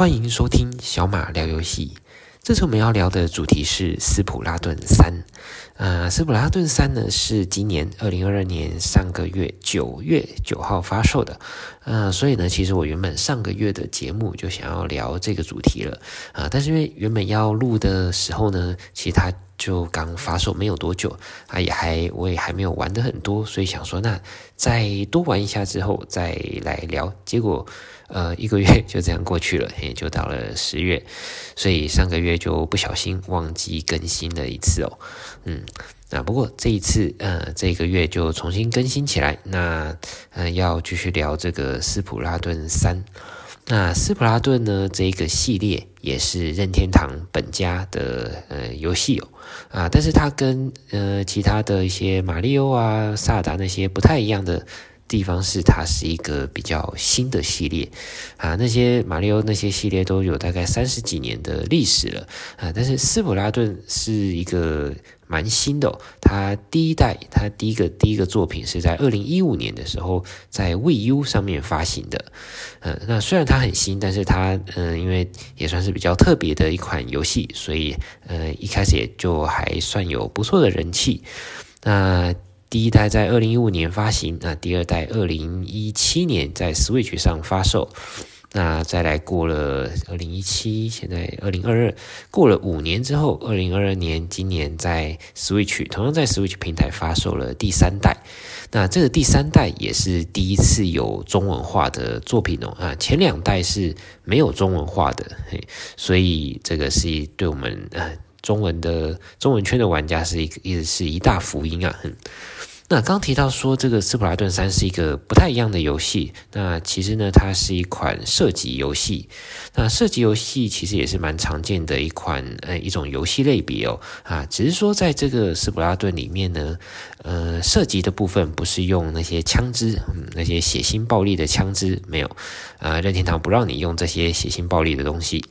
歡迎收聽小馬聊遊戲。這次我們要聊的主題是斯普拉遁、呃《斯普拉遁三》。呃，《斯普拉遁三》呢是今年二零二二年上個月九月九號發售的。呃，所以呢，其實我原本上個月的節目就想要聊這個主題了。啊、呃，但是因為原本要錄的時候呢，其實它就剛發售沒有多久，啊，也還我也還沒有玩得很多，所以想說，那再多玩一下之後再來聊。結果，呃，一個月就這樣過去了，也就到了十月，所以上個月就不小心忘記更新了一次哦，嗯。那不過這一次，呃，這個月就重新更新起來。那，呃，要繼續聊這個《斯普拉遁三》。那《斯普拉遁》呢，這個系列也是任天堂本家的呃遊戲哦啊，呃，但是它跟呃其他的一些瑪利歐啊、薩爾達那些不太一樣的。地方是它是一個比較新的系列啊，那些馬里奧那些系列都有大概三十幾年的歷史了啊，但是斯普拉遁是一個蠻新的哦，它第一代，它第一個第一個作品是在二零一五年的時候在 Wii U 上面發行的，嗯、啊，那雖然它很新，但是它嗯，因為也算是比較特別的一款遊戲，所以呃、嗯，一開始也就還算有不錯的人氣，那。第一代在二零一五年發行，那第二代二零一七年在 Switch 上發售，那再來過了二零一七，現在二零二二，過了五年之後，二零二二年今年在 Switch，同樣在 Switch 平台發售了第三代。那這個第三代也是第一次有中文化的作品哦，啊，前兩代是沒有中文化的，所以這個是對我們中文的中文圈的玩家是一個，也是一大福音啊！哼、嗯，那剛提到說這個《斯普拉遁三》是一個不太一樣的遊戲，那其實呢，它是一款射擊遊戲。那射擊遊戲其實也是蠻常見的一款呃、哎、一種遊戲類別哦啊，只是說在這個《斯普拉遁》裡面呢，呃，射擊的部分不是用那些槍支，嗯、那些血腥暴力的槍支沒有，啊、呃，任天堂不讓你用這些血腥暴力的東西。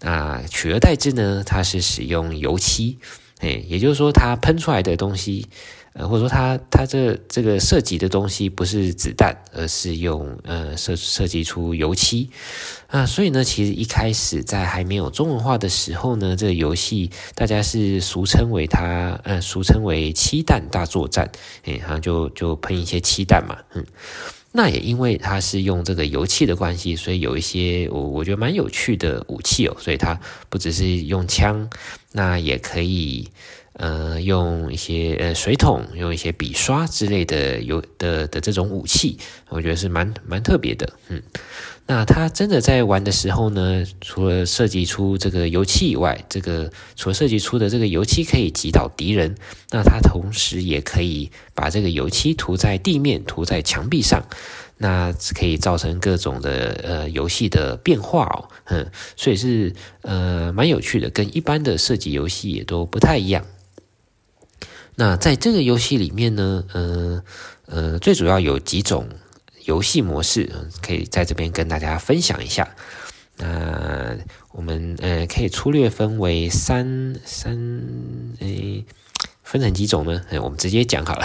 那、啊、取而代之呢，它是使用油漆，哎，也就是說，它噴出來的東西，呃，或者說它它這這個射擊的東西不是子彈，而是用呃射射擊出油漆啊。所以呢，其實一開始在還沒有中文化的時候呢，這個遊戲大家是俗稱為它，呃，俗稱為漆彈大作戰，哎，好、啊、像就就噴一些漆彈嘛，嗯。那也因為它是用這個油漆的關係，所以有一些我我覺得蠻有趣的武器哦、喔，所以它不只是用槍，那也可以，呃，用一些呃水桶、用一些筆刷之類的油的的、的這種武器，我覺得是蠻蠻特別的，嗯。那他真的在玩的時候呢，除了射擊出這個油漆以外，這個所射擊出的這個油漆可以擊倒敵人。那他同時也可以把這個油漆塗在地面、塗在牆壁上，那可以造成各種的呃遊戲的變化哦。嗯，所以是呃蠻有趣的，跟一般的射擊遊戲也都不太一樣。那在這個遊戲裡面呢，嗯呃、呃，最主要有幾種。遊戲模式可以在這邊跟大家分享一下。那我們呃可以粗略分為三三哎，分成幾種呢？哎，我們直接講好了。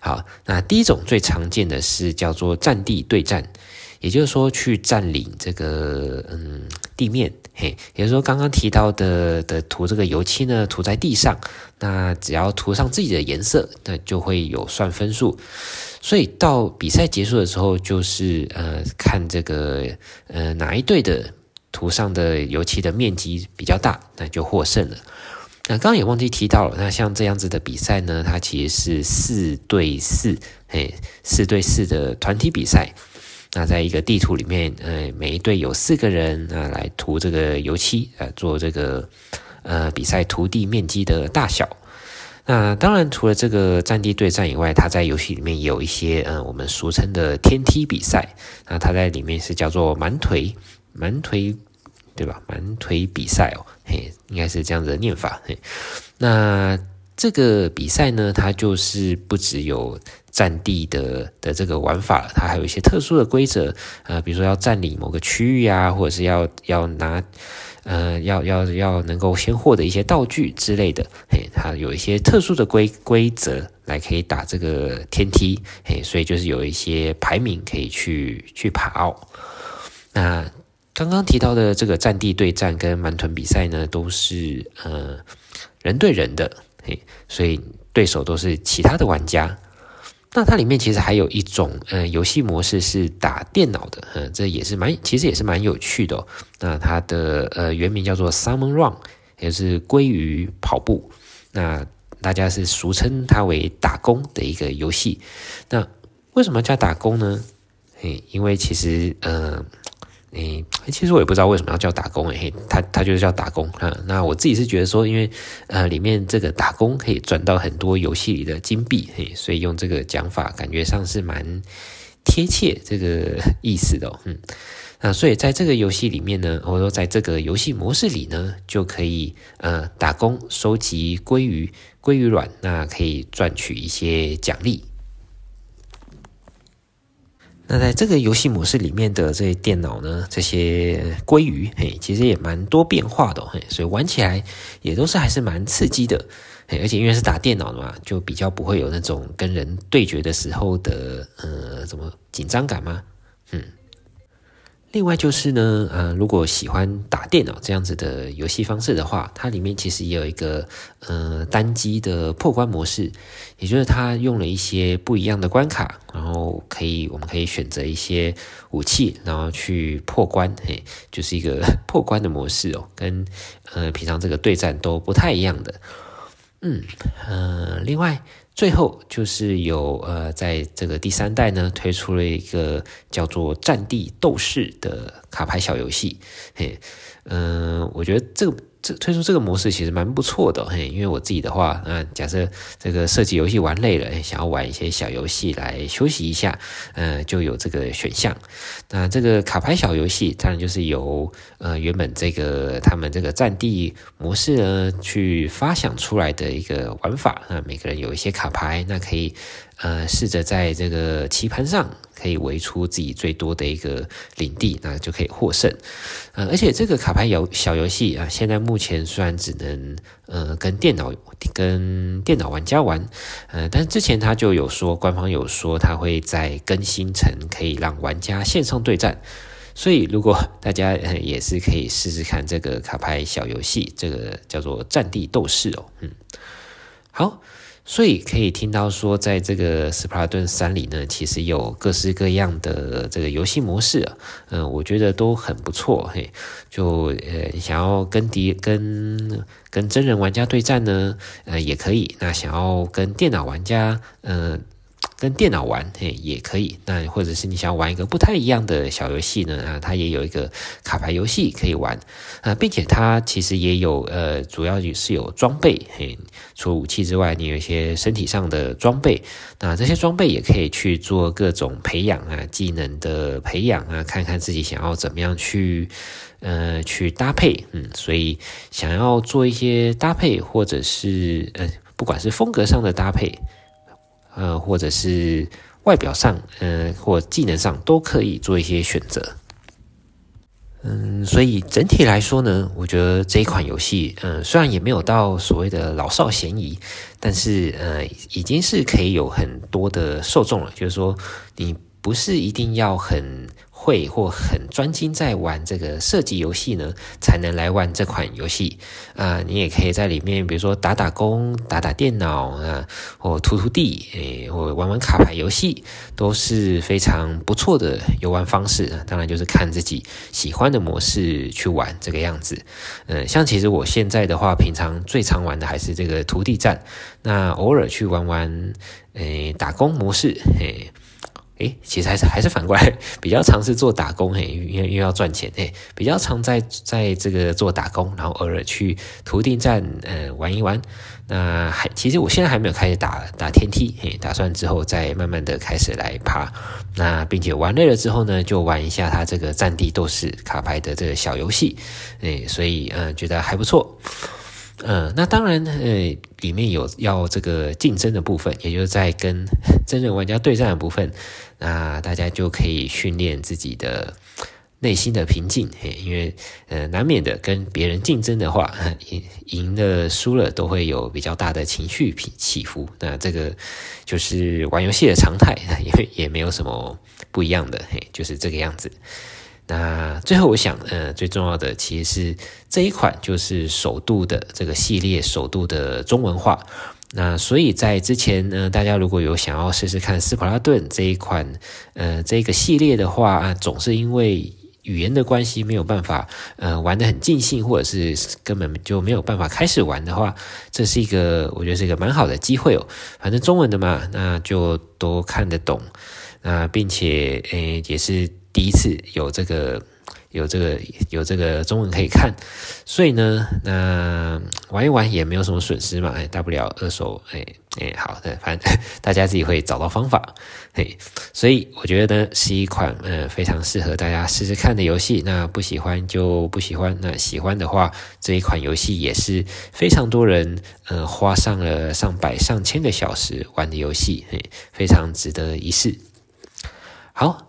好，那第一種最常見的是叫做占地對戰。也就是說，去佔領這個嗯地面，嘿，也就是說剛剛提到的的塗這個油漆呢，塗在地上，那只要塗上自己的顏色，那就會有算分數。所以到比賽結束的時候，就是呃看這個呃哪一隊的塗上的油漆的面積比較大，那就獲勝了。那剛剛也忘記提到了，那像這樣子的比賽呢，它其實是四對四，嘿，四對四的團體比賽。那在一個地圖裡面，呃，每一隊有四個人啊、呃，來塗這個油漆啊，做這個呃比賽塗地面積的大小。那當然除了這個占地對戰以外，它在遊戲裡面也有一些嗯、呃，我們俗稱的天梯比賽。那它在裡面是叫做蠻頹蠻頹對吧？蠻頹比賽哦，嘿，應該是這樣子的念法。嘿，那。這個比賽呢，它就是不只有佔地的的這個玩法了，它還有一些特殊的規則，呃，比如說要占領某個區域啊，或者是要要拿，呃，要要要能夠先獲得一些道具之類的，嘿，它有一些特殊的規規則來可以打這個天梯，嘿，所以就是有一些排名可以去去跑。那剛剛提到的這個佔地對戰跟蠻頹比賽呢，都是呃人對人的。嘿，所以對手都是其他的玩家。那它裡面其實還有一種呃遊戲模式是打電腦的，嗯、呃，這也是蠻其實也是蠻有趣的、哦。那它的呃原名叫做 Salmon Run，也是鮭魚跑步。那大家是俗稱它為打工的一個遊戲。那為什麼叫打工呢？嘿，因為其實嗯。呃哎、欸，其實我也不知道為什麼要叫打工、欸、嘿，他他就是叫打工啊。那我自己是覺得說，因為呃，裡面這個打工可以賺到很多遊戲裡的金幣，嘿，所以用這個講法，感覺上是蠻貼切這個意思的、哦。嗯，啊，所以在這個遊戲裡面呢，或者說在這個遊戲模式裡呢，就可以呃打工收集鮭魚鮭魚卵，那可以賺取一些獎勵。那在這個遊戲模式裡面的這些電腦呢，這些鮭魚嘿，其實也蠻多變化的嘿，所以玩起來也都是還是蠻刺激的嘿，而且因為是打電腦的嘛，就比較不會有那種跟人對決的時候的呃什麼緊張感嗎，嗯。另外就是呢，呃，如果喜歡打電腦這樣子的遊戲方式的話，它裡面其實也有一個呃單機的破關模式，也就是它用了一些不一樣的關卡，然後可以我們可以選擇一些武器，然後去破關，嘿，就是一個破關的模式哦，跟呃平常這個對戰都不太一樣的。嗯呃，另外。最後就是有呃，在這個第三代呢，推出了一個叫做《戰地鬥士》的卡牌小遊戲。嘿，嗯、呃，我覺得這個。推出這個模式其實蠻不錯的，嘿，因為我自己的話，假設這個射擊遊戲玩累了，想要玩一些小遊戲來休息一下，嗯、呃，就有這個選項。那這個卡牌小遊戲，當然就是由、呃、原本這個他們這個戰地模式呢去發想出來的一個玩法。那、呃、每個人有一些卡牌，那可以。呃，試着在這個棋盤上可以圍出自己最多的一個領地，那就可以獲勝。呃，而且這個卡牌遊小遊戲啊，呃，現在目前雖然只能呃跟電腦跟電腦玩家玩，呃，但是之前他就有說，官方有說他會在更新成可以讓玩家線上對戰，所以如果大家也是可以試試看這個卡牌小遊戲，這個叫做《占地鬥士》哦，嗯，好。所以可以聽到說，在這個《斯普拉遁3》裡呢，其實有各式各樣的這個遊戲模式，啊，嗯、呃，我覺得都很不錯。嘿，就呃，想要跟敵、跟跟真人玩家對戰呢，呃，也可以。那想要跟電腦玩家，嗯、呃。跟電腦玩，嘿，也可以，那或者是你想要玩一個不太一樣的小遊戲呢，啊，它也有一個卡牌遊戲可以玩啊，呃，並且它其實也有呃，主要是有裝備嘿，除武器之外，你有一些身體上的裝備，那這些裝備也可以去做各種培養啊，技能的培養啊，看看自己想要怎麼樣去呃去搭配嗯，所以想要做一些搭配，或者是呃，不管是風格上的搭配。呃，或者是外表上，呃，或技能上都可以做一些選擇。嗯，所以整體來說呢，我覺得這一款遊戲，嗯、呃，雖然也沒有到所謂的老少咸宜，但是呃，已經是可以有很多的受眾了。就是說，你不是一定要很會或很專精在玩這個設計遊戲呢，才能來玩這款遊戲啊。你也可以在裡面，比如說打打工、打打電腦啊、呃，或塗塗地，誒、呃，或玩玩卡牌遊戲，都是非常不錯的遊玩方式。當然就是看自己喜歡的模式去玩這個樣子。嗯、呃，像其實我現在的話，平常最常玩的還是這個塗地戰，那偶爾去玩玩誒、呃、打工模式，嘿、呃。誒、欸，其實還是還是反過來比較常是做打工、欸，嘿，因為又要賺錢、欸，誒，比較常在在這個做打工，然後偶爾去塗地戰，嗯、呃，玩一玩。那還其實我現在還沒有開始打打天梯，嘿、欸，打算之後再慢慢的開始來爬。那並且玩累了之後呢，就玩一下他這個戰地鬥士卡牌的這個小遊戲，誒、欸，所以嗯、呃，覺得還不錯。嗯、呃，那當然，呃，裡面有要這個競爭的部分，也就是在跟真人玩家對戰的部分，那大家就可以訓練自己的內心的平靜、欸，因為呃，難免的跟別人競爭的話，贏、呃、贏了輸了都會有比較大的情緒起伏。那這個就是玩遊戲的常態，也沒有什麼不一樣的，欸、就是這個樣子。那最後，我想，呃，最重要的其實是這一款，就是首度的這個系列首度的中文化。那所以在之前，呃，大家如果有想要試試看斯普拉遁這一款，呃，這個系列的話，總是因為語言的關係沒有辦法，呃，玩得很盡興，或者是根本就沒有辦法開始玩的話，這是一個我覺得是一個蠻好的機會哦。反正中文的嘛，那就都看得懂，那並且，呃，也是。第一次有這個有這個有這個中文可以看，所以呢，那玩一玩也沒有什麼損失嘛，哎、大不了二手，哎哎，好的，反正大家自己會找到方法，嘿、哎，所以我覺得呢，是一款嗯、呃、非常適合大家試試看的遊戲。那不喜歡就不喜歡，那喜歡的話，這一款遊戲也是非常多人嗯、呃、花上了上百上千個小時玩的遊戲，嘿、哎，非常值得一試。好。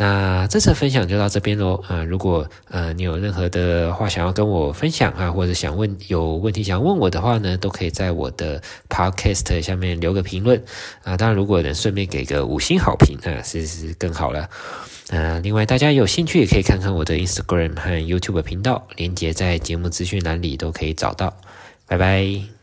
那這次分享就到這邊嘍啊、呃。如果呃你有任何的話想要跟我分享啊，或者想問有問題想問我的話呢，都可以在我的 podcast 下面留個評論啊、呃。當然，如果能順便給個五星好評啊、呃，是是更好了啊、呃。另外，大家有興趣也可以看看我的 Instagram 和 YouTube 頻道，連結在節目資訊欄裡都可以找到。拜拜。